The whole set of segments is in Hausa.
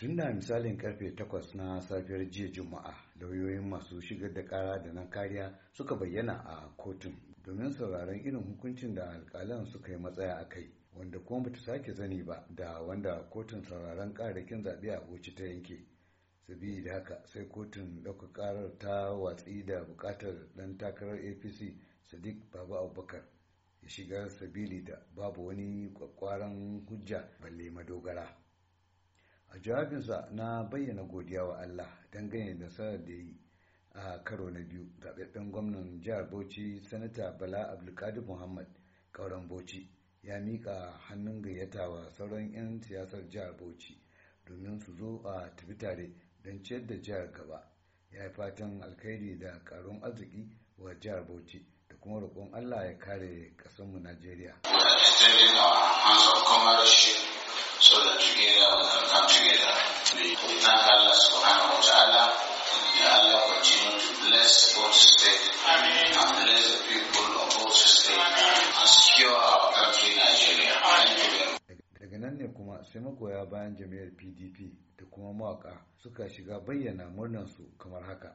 tun da misalin karfe takwas na safiyar jiya juma'a lauyoyin masu shigar da kara da na kariya suka bayyana a kotun domin sauraron irin hukuncin da alkalan suka yi matsaya a kai wanda kuma bata sake zani ba da wanda kotun sauraron karakin zaɓe a goci ta yanke sabida haka sai kotun ɗauka karar ta watsi da buƙatar ɗan takarar apc sadiq Babu abubakar ya shigar sabili da babu wani kwakwaran hujja balle madogara a jawabinsa na bayyana godiya wa Allah dangane da nasarar da yi a karo na biyu zaɓaɓɓen gwamnan jihar Bauchi sanata Bala Abdulkadir Muhammad kauran Bauchi ya miƙa hannun gayyata wa sauran 'yan siyasar jihar Bauchi domin su zo a tafi tare don ciyar da jihar gaba ya yi fatan alkhairi da karon arziki wa jihar Bauchi da kuma roƙon Allah ya kare ƙasarmu Najeriya. nan ne kuma sai magoya bayan jami'ar pdp da kuma mawaka suka shiga bayyana murnansu kamar haka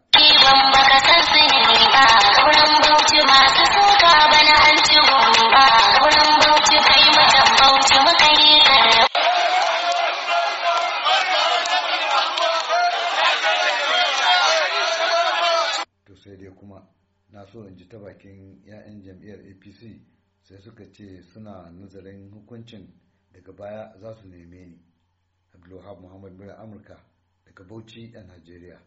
to sai dai kuma na so in ji ta bakin 'ya'yan jam'iyyar apc sai suka ce suna nazarin hukuncin daga baya za su neme ni abdulwahab muhammad mura amurka daga bauchi a najeriya